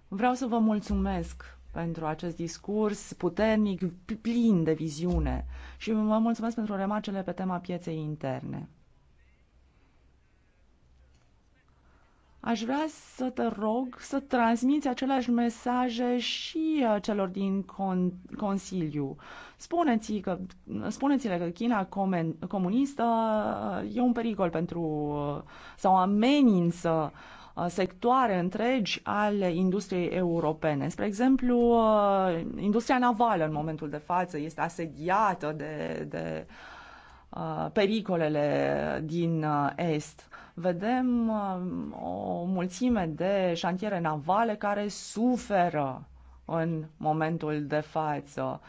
vreau să vă mulțumesc pentru acest discurs puternic, plin de viziune. Și vă mulțumesc pentru remarcele pe tema pieței interne. Aș vrea să te rog să transmiți aceleași mesaje și uh, celor din con- Consiliu. Spuneți că, spuneți-le că China comunistă uh, e un pericol pentru uh, sau amenință uh, Uh, sectoare întregi ale industriei europene. Spre exemplu, uh, industria navală în momentul de față este asediată de, de uh, pericolele din Est. Vedem o mulțime de șantiere navale care suferă în momentul de față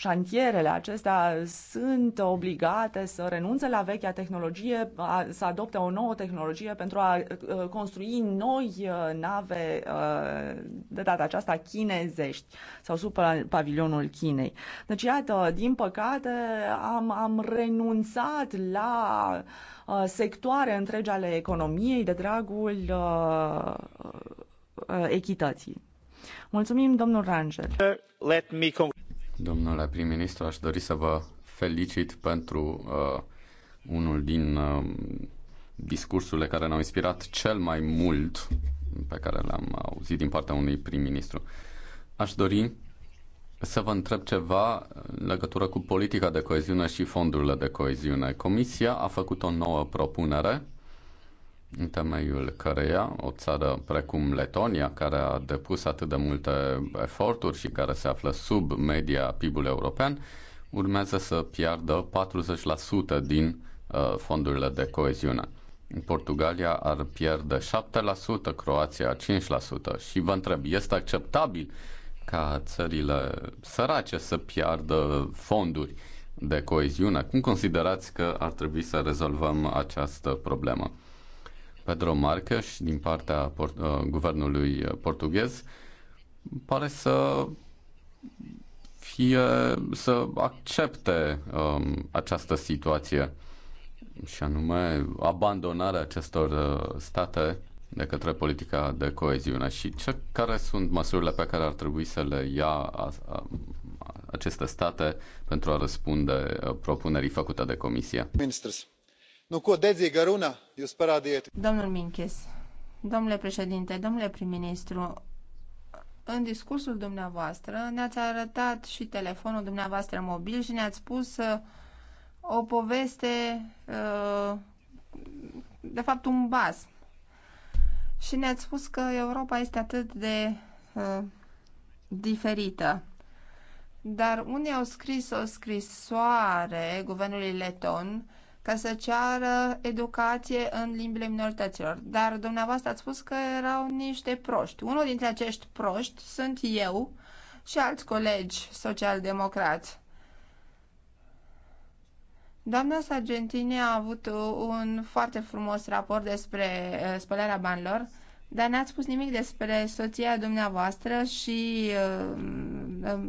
șantierele acestea sunt obligate să renunțe la vechea tehnologie, a, să adopte o nouă tehnologie pentru a, uh, construi noi uh, nave, uh, de data aceasta chinezești sau sub pavilionul Chinei. Deci, iată, din păcate, am, am renunțat la sectoare întregi ale economiei de dragul echității. Mulțumim, domnul Rangel. Let me Domnule prim-ministru, aș dori să vă felicit pentru uh, unul din uh, discursurile care ne-au inspirat cel mai mult pe care l-am auzit din partea unui prim-ministru. Aș dori să vă întreb ceva în legătură cu politica de coeziune și fondurile de coeziune. Comisia a făcut o nouă propunere în temeiul căreia o țară precum Letonia, care a depus atât de multe eforturi și care se află sub media PIB-ului european, urmează să piardă 40% din uh, fondurile de coeziune. Portugalia ar pierde 7%, Croația 5% și vă întreb, este acceptabil ca țările sărace să piardă fonduri de coeziune? Cum considerați că ar trebui să rezolvăm această problemă? Pedro Marques din partea port- uh, guvernului portughez pare să fie să accepte um, această situație și anume abandonarea acestor uh, state de către politica de coeziune și ce, care sunt măsurile pe care ar trebui să le ia a, a, aceste state pentru a răspunde uh, propunerii făcute de Comisie. Ministers. Domnul Minchis, domnule președinte, domnule prim-ministru, în discursul dumneavoastră ne-ați arătat și telefonul dumneavoastră mobil și ne-ați spus uh, o poveste, uh, de fapt un bas. Și ne-ați spus că Europa este atât de uh, diferită. Dar unii au scris o scrisoare guvernului leton ca să ceară educație în limbile minorităților. Dar dumneavoastră ați spus că erau niște proști. Unul dintre acești proști sunt eu și alți colegi socialdemocrați. Doamna Sargentini a avut un foarte frumos raport despre eh, spălarea banilor, dar n-ați spus nimic despre soția dumneavoastră și uh,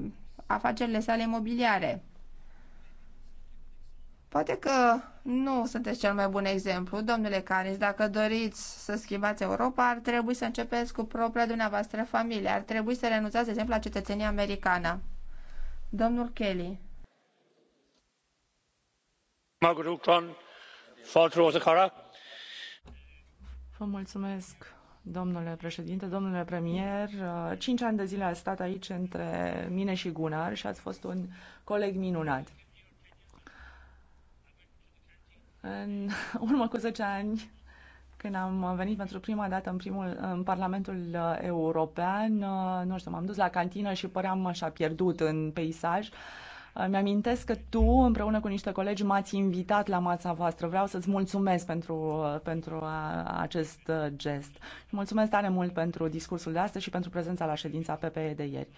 afacerile sale imobiliare. Poate că nu sunteți cel mai bun exemplu, domnule Canis. Dacă doriți să schimbați Europa, ar trebui să începeți cu propria dumneavoastră familie. Ar trebui să renunțați, de exemplu, la cetățenia americană. Domnul Kelly. Vă mulțumesc, domnule președinte, domnule premier. Cinci ani de zile a stat aici între mine și Gunnar și ați fost un coleg minunat. În [laughs] urmă cu 10 ani, când am venit pentru prima dată în, primul, în Parlamentul uh, European, uh, nu știu, m-am dus la cantină și păream așa pierdut în peisaj. Uh, mi-amintesc că tu, împreună cu niște colegi, m-ați invitat la mața voastră. Vreau să-ți mulțumesc pentru, pentru a, acest gest. Mulțumesc tare mult pentru discursul de astăzi și pentru prezența la ședința PPE de ieri.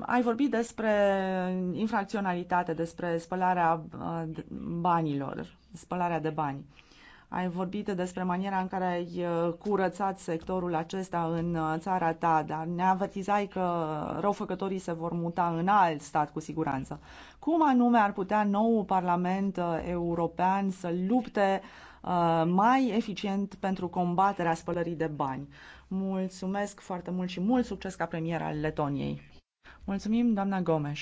Ai vorbit despre infracționalitate, despre spălarea uh, banilor, spălarea de bani. Ai vorbit despre maniera în care ai uh, curățat sectorul acesta în uh, țara ta, dar ne avertizai că răufăcătorii se vor muta în alt stat cu siguranță. Cum anume ar putea nou Parlament European să lupte Uh, mai eficient pentru combaterea spălării de bani. Mulțumesc foarte mult și mult succes ca premier al Letoniei. Mulțumim, doamna Gomes.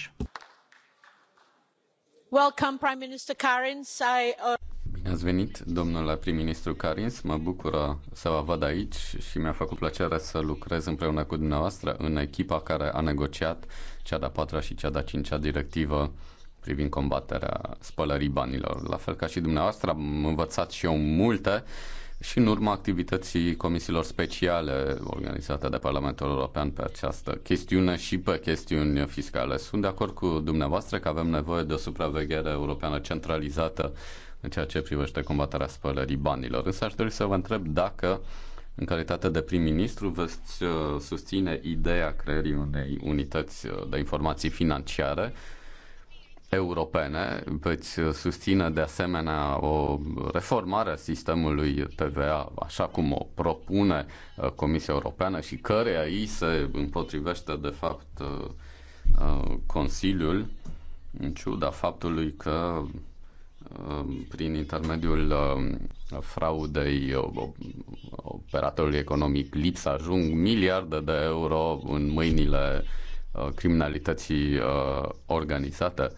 Welcome, Prime Minister Karins. I, uh, Bine ați venit, domnule prim-ministru Karins. Mă bucură să vă văd aici și mi-a făcut plăcere să lucrez împreună cu dumneavoastră în echipa care a negociat cea de-a patra și cea de-a cincea directivă privind combaterea spălării banilor. La fel ca și dumneavoastră, am învățat și eu multe și în urma activității comisiilor speciale organizate de Parlamentul European pe această chestiune și pe chestiuni fiscale. Sunt de acord cu dumneavoastră că avem nevoie de o supraveghere europeană centralizată în ceea ce privește combaterea spălării banilor. Însă aș dori să vă întreb dacă în calitate de prim-ministru veți uh, susține ideea creării unei unități uh, de informații financiare europene. Veți susține de asemenea o reformare a sistemului TVA, așa cum o propune uh, Comisia Europeană și care ei se împotrivește de fapt uh, uh, Consiliul, în ciuda faptului că prin intermediul fraudei operatorului economic lipsa ajung miliarde de euro în mâinile criminalității organizate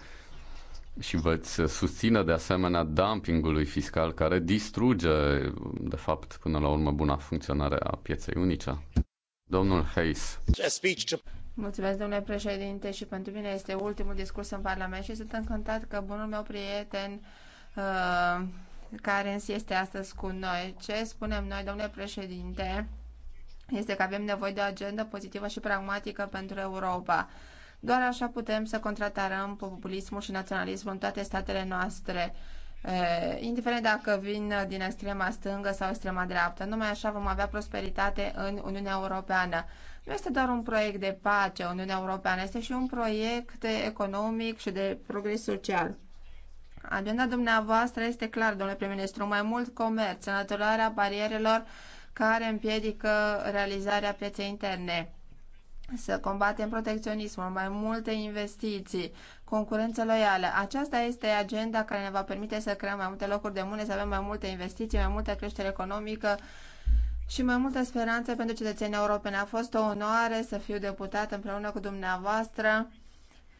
și veți susține de asemenea dumpingului fiscal care distruge, de fapt, până la urmă, buna funcționare a pieței unice? Domnul Hayes. Mulțumesc, domnule președinte, și pentru mine este ultimul discurs în Parlament și sunt încântat că bunul meu prieten uh, care este astăzi cu noi. Ce spunem noi, domnule președinte, este că avem nevoie de o agendă pozitivă și pragmatică pentru Europa doar așa putem să contratarăm populismul și naționalismul în toate statele noastre, indiferent dacă vin din extrema stângă sau extrema dreaptă. Numai așa vom avea prosperitate în Uniunea Europeană. Nu este doar un proiect de pace, Uniunea Europeană, este și un proiect economic și de progres social. Agenda dumneavoastră este clar, domnule prim-ministru, mai mult comerț, înlăturarea barierelor care împiedică realizarea pieței interne să combatem protecționismul, mai multe investiții, concurență loială. Aceasta este agenda care ne va permite să creăm mai multe locuri de muncă, să avem mai multe investiții, mai multă creștere economică și mai multă speranță pentru cetățenii europeni. A fost o onoare să fiu deputat împreună cu dumneavoastră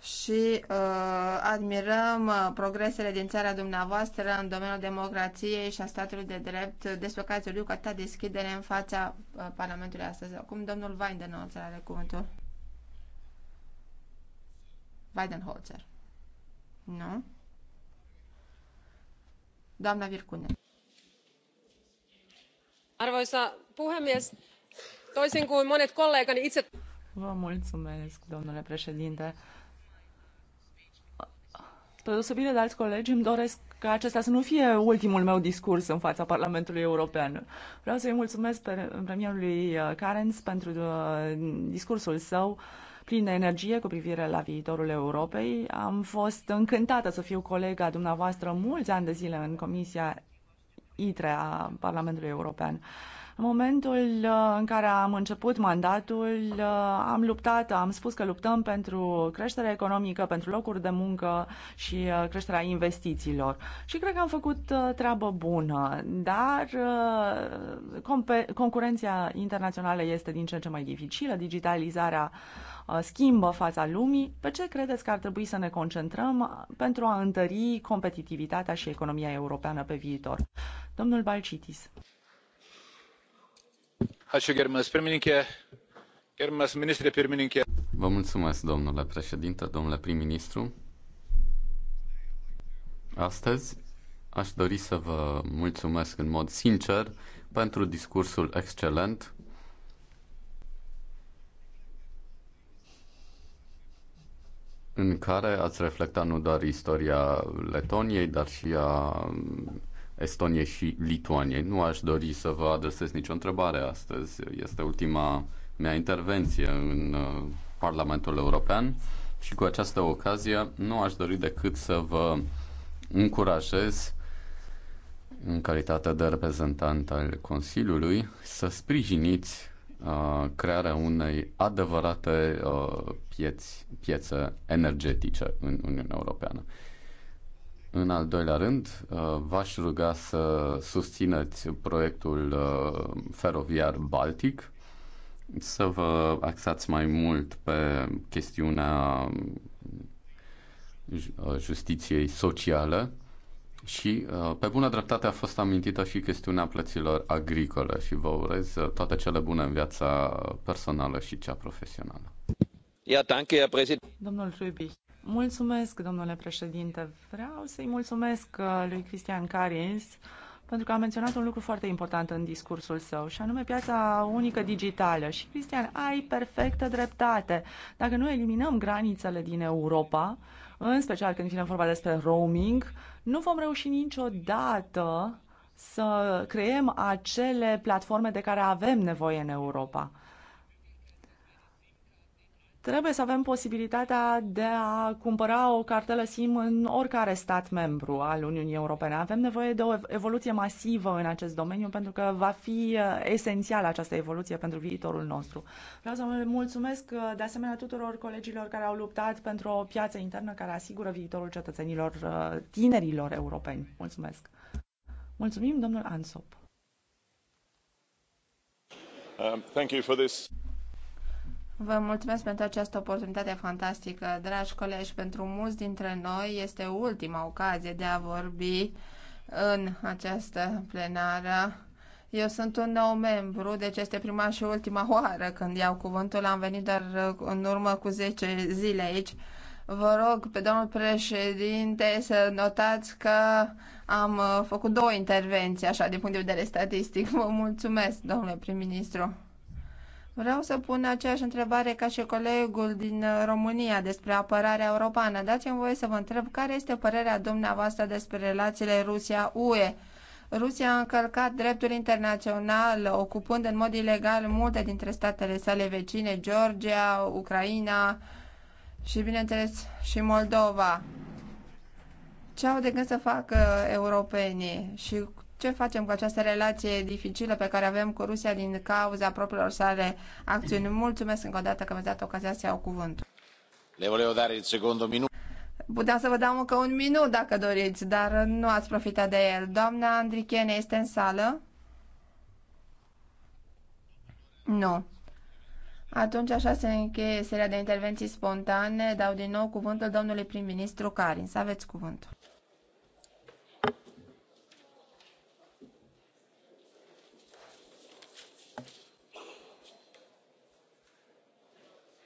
și uh, admirăm uh, progresele din țara dumneavoastră în domeniul democrației și a statului de drept, despre care ați cu atâta deschidere în fața uh, Parlamentului astăzi. Acum domnul Weidenholzer are cuvântul. Weidenholzer. Nu? Doamna Vircune. Arvoisa puhemies, toisin kuin monet kollegani itse... Vă mulțumesc, domnule președinte. Spre deosebire de alți colegi, îmi doresc ca acesta să nu fie ultimul meu discurs în fața Parlamentului European. Vreau să-i mulțumesc pe premierului uh, Carens pentru uh, discursul său plin de energie cu privire la viitorul Europei. Am fost încântată să fiu colega dumneavoastră mulți ani de zile în Comisia ITRE a Parlamentului European. În momentul uh, în care am început mandatul, uh, am luptat, am spus că luptăm pentru creșterea economică, pentru locuri de muncă și uh, creșterea investițiilor. Și cred că am făcut treabă bună, dar concurenția internațională este din ce în ce mai dificilă, digitalizarea schimbă fața lumii, pe ce credeți că ar trebui să ne concentrăm pentru a întări competitivitatea și economia europeană pe viitor? Domnul Balcitis. Vă mulțumesc, domnule președinte, domnule prim-ministru. Astăzi aș dori să vă mulțumesc în mod sincer pentru discursul excelent în care ați reflectat nu doar istoria Letoniei, dar și a Estonie, și Lituanie. Nu aș dori să vă adresez nicio întrebare astăzi. Este ultima mea intervenție în uh, Parlamentul European și cu această ocazie nu aș dori decât să vă încurajez în calitate de reprezentant al Consiliului să sprijiniți uh, crearea unei adevărate uh, pieți, piețe energetice în Uniunea Europeană. În al doilea rând, uh, v-aș ruga să susțineți proiectul uh, feroviar Baltic, să vă axați mai mult pe chestiunea uh, justiției sociale și, pe bună dreptate, a fost amintită și chestiunea plăților agricole și vă urez toate cele bune în viața personală și cea profesională. Ia, danke, Herr Domnul Mulțumesc, domnule președinte. Vreau să-i mulțumesc uh, lui Cristian Carins pentru că a menționat un lucru foarte important în discursul său, și anume piața unică digitală. Și, Cristian, ai perfectă dreptate. Dacă nu eliminăm granițele din Europa, în special când vine vorba despre roaming, nu vom reuși niciodată să creăm acele platforme de care avem nevoie în Europa. Trebuie să avem posibilitatea de a cumpăra o cartelă SIM în oricare stat membru al Uniunii Europene. Avem nevoie de o evoluție masivă în acest domeniu pentru că va fi uh, esențială această evoluție pentru viitorul nostru. Vreau să mulțumesc uh, de asemenea tuturor colegilor care au luptat pentru o piață internă care asigură viitorul cetățenilor uh, tinerilor europeni. Mulțumesc! Mulțumim, domnul Ansop. Um, thank you for this. Vă mulțumesc pentru această oportunitate fantastică, dragi colegi. Pentru mulți dintre noi este ultima ocazie de a vorbi în această plenară. Eu sunt un nou membru, deci este prima și ultima oară când iau cuvântul. Am venit doar în urmă cu 10 zile aici. Vă rog pe domnul președinte să notați că am făcut două intervenții, așa, din punct de vedere statistic. Vă mulțumesc, domnule prim-ministru. Vreau să pun aceeași întrebare ca și colegul din uh, România despre apărarea europeană. Dați-mi voie să vă întreb care este părerea dumneavoastră despre relațiile Rusia-UE. Rusia a încălcat dreptul internațional, ocupând în mod ilegal multe dintre statele sale vecine, Georgia, Ucraina și, bineînțeles, și Moldova. Ce au de gând să facă europenii și ce facem cu această relație dificilă pe care avem cu Rusia din cauza propriilor sale acțiuni? Mulțumesc încă o dată că mi-ați dat ocazia să iau cuvântul. Le volevo dare il secondo minut. Puteam să vă dau încă un minut dacă doriți, dar nu ați profitat de el. Doamna Andrichene este în sală? Nu. Atunci așa se încheie seria de intervenții spontane. Dau din nou cuvântul domnului prim-ministru Carin. Să aveți cuvântul.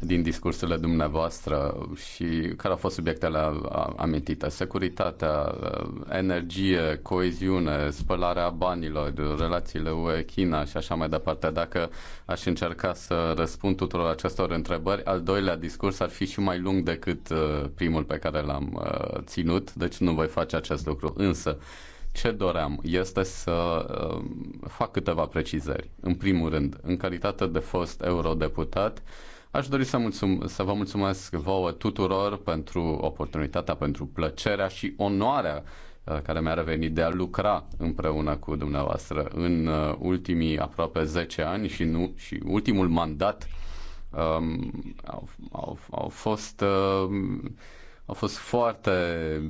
din discursurile dumneavoastră și care au fost subiectele amintite. Securitatea, energie, coeziune, spălarea banilor, relațiile UE-China și așa mai departe. Dacă aș încerca să răspund tuturor acestor întrebări, al doilea discurs ar fi și mai lung decât uh, primul pe care l-am uh, ținut, deci nu voi face acest lucru. Însă, ce doream este să uh, fac câteva precizări. În primul rând, în calitate de fost eurodeputat, Aș dori să, mulțum- să vă mulțumesc vouă tuturor pentru oportunitatea, pentru plăcerea și onoarea uh, care mi-a revenit de a lucra împreună cu dumneavoastră în uh, ultimii aproape 10 ani și, nu, și ultimul mandat um, au, au, au fost um, uh, a fost foarte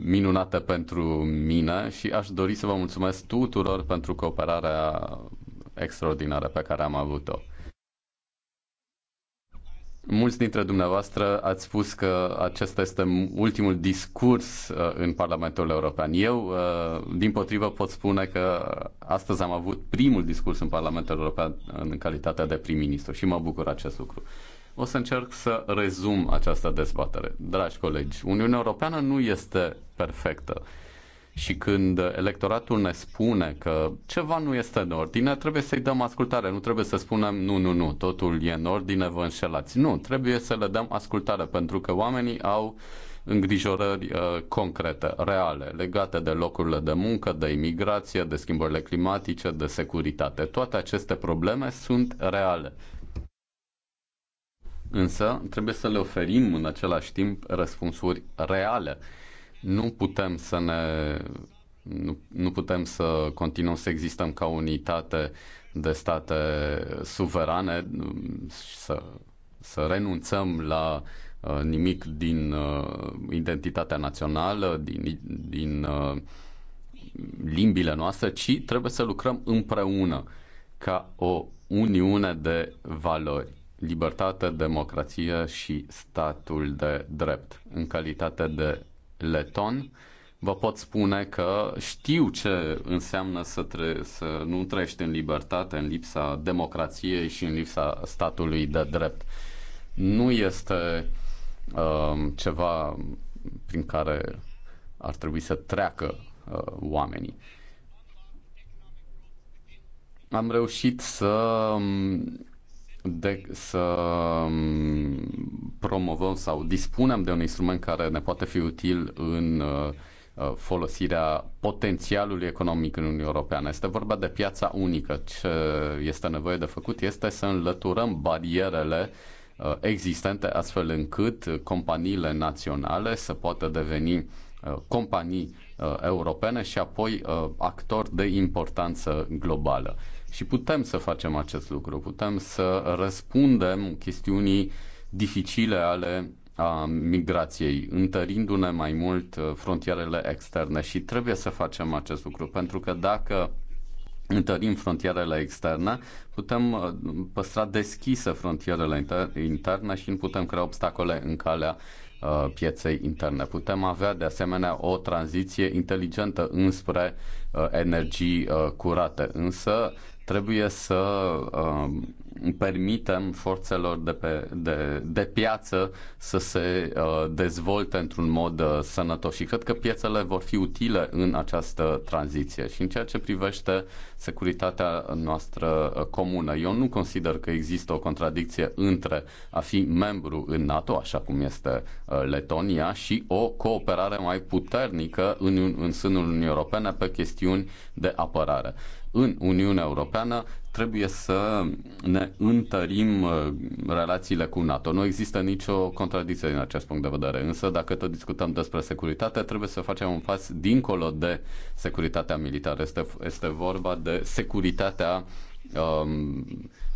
minunată pentru mine și aș dori să vă mulțumesc tuturor pentru cooperarea extraordinară pe care am avut-o. Mulți dintre dumneavoastră ați spus că acesta este ultimul discurs uh, în Parlamentul European. Eu, uh, din potrivă, pot spune că astăzi am avut primul discurs în Parlamentul European în calitatea de prim-ministru și mă bucur acest lucru. O să încerc să rezum această dezbatere. Dragi colegi, Uniunea Europeană nu este perfectă și când electoratul ne spune că ceva nu este în ordine, trebuie să-i dăm ascultare. Nu trebuie să spunem nu, nu, nu, totul e în ordine, vă înșelați. Nu, trebuie să le dăm ascultare pentru că oamenii au îngrijorări uh, concrete, reale, legate de locurile de muncă, de imigrație, de schimbările climatice, de securitate. Toate aceste probleme sunt reale. Însă trebuie să le oferim în același timp răspunsuri reale nu putem să ne nu, nu putem să continuăm să existăm ca unitate de state suverane, să, să renunțăm la uh, nimic din uh, identitatea națională, din, din uh, limbile noastre, ci trebuie să lucrăm împreună ca o uniune de valori libertate, democrație și statul de drept. În calitate de leton, vă pot spune că știu ce înseamnă să, tre- să nu trăiești în libertate, în lipsa democrației și în lipsa statului de drept. Nu este uh, ceva prin care ar trebui să treacă uh, oamenii. Am reușit să um, de să mm, promovăm sau dispunem de un instrument care ne poate fi util în uh, uh, folosirea potențialului economic în Uniunea Europeană. Este vorba de piața unică. Ce este nevoie de făcut este să înlăturăm barierele uh, existente astfel încât companiile naționale să poată deveni companii europene și apoi actori de importanță globală. Și putem să facem acest lucru, putem să răspundem chestiunii dificile ale a migrației, întărindu-ne mai mult uh, frontierele externe și trebuie să facem acest lucru, pentru că dacă întărim frontierele externe, putem uh, păstra deschise frontierele interne și nu putem crea obstacole în calea uh, pieței interne. Putem avea de asemenea o tranziție inteligentă înspre energii curate, însă Trebuie să uh, permitem forțelor de, pe, de, de piață să se uh, dezvolte într-un mod uh, sănătos și cred că piețele vor fi utile în această tranziție. Și în ceea ce privește securitatea noastră uh, comună, eu nu consider că există o contradicție între a fi membru în NATO, așa cum este uh, Letonia, și o cooperare mai puternică în, în sânul Uniunii Europene pe chestiuni de apărare în Uniunea Europeană trebuie să ne întărim uh, relațiile cu NATO. Nu există nicio contradicție din acest punct de vedere, însă dacă tot discutăm despre securitate, trebuie să facem un pas dincolo de securitatea militară. Este, este vorba de securitatea um,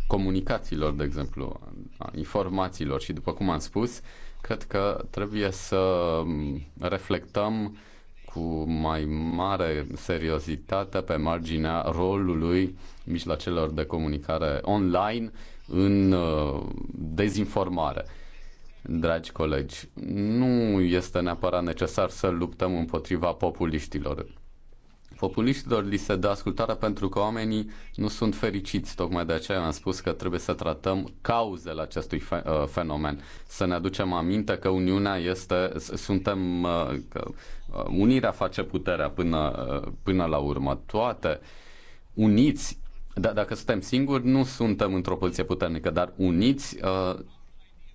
comunicațiilor, de exemplu, a informațiilor și, după cum am spus, cred că trebuie să um, reflectăm cu mai mare seriozitate pe marginea rolului mijloacelor de comunicare online în uh, dezinformare. Dragi colegi, nu este neapărat necesar să luptăm împotriva populiștilor populiștilor li se dă ascultare pentru că oamenii nu sunt fericiți. Tocmai de aceea am spus că trebuie să tratăm cauzele acestui uh, fenomen. Să ne aducem aminte că Uniunea este, suntem, uh, că uh, unirea face puterea până, până la urmă. Toate uniți, da, dacă suntem singuri, nu suntem într-o poziție puternică, dar uniți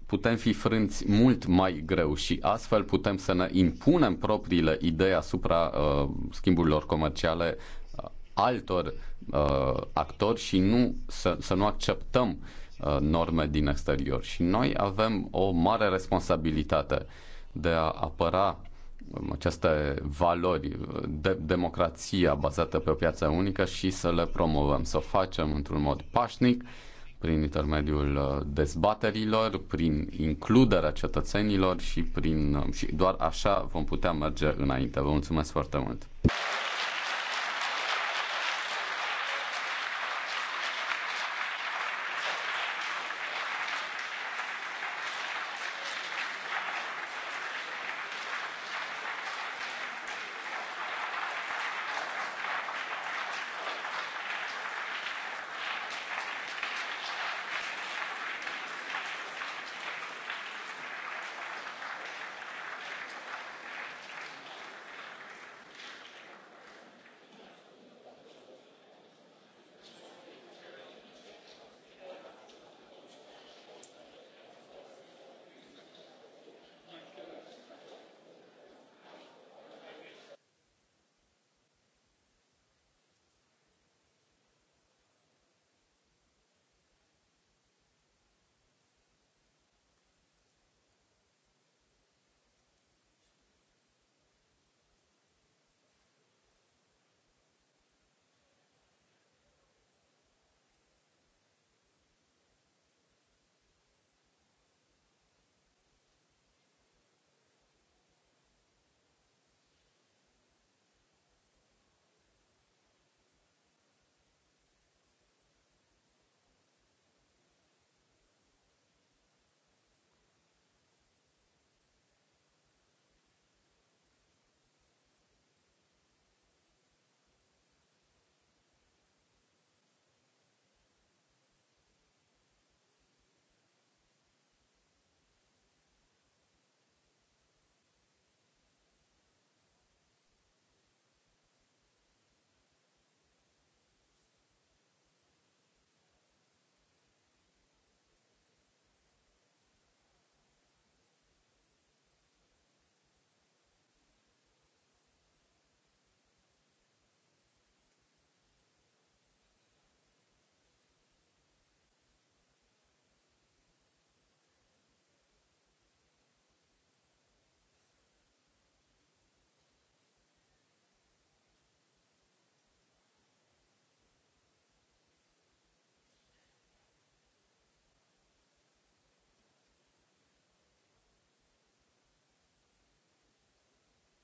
putem fi frânți mult mai greu și astfel putem să ne impunem propriile idei asupra uh, schimburilor comerciale uh, altor uh, actori și nu să, să nu acceptăm uh, norme din exterior. Și noi avem o mare responsabilitate de a apăra um, aceste valori, uh, de, democrația bazată pe o piață unică și să le promovăm, să o facem într-un mod pașnic uh, prin intermediul uh, dezbaterilor, prin includerea cetățenilor și, prin, uh, și doar așa vom putea merge înainte. Vă mulțumesc foarte mult!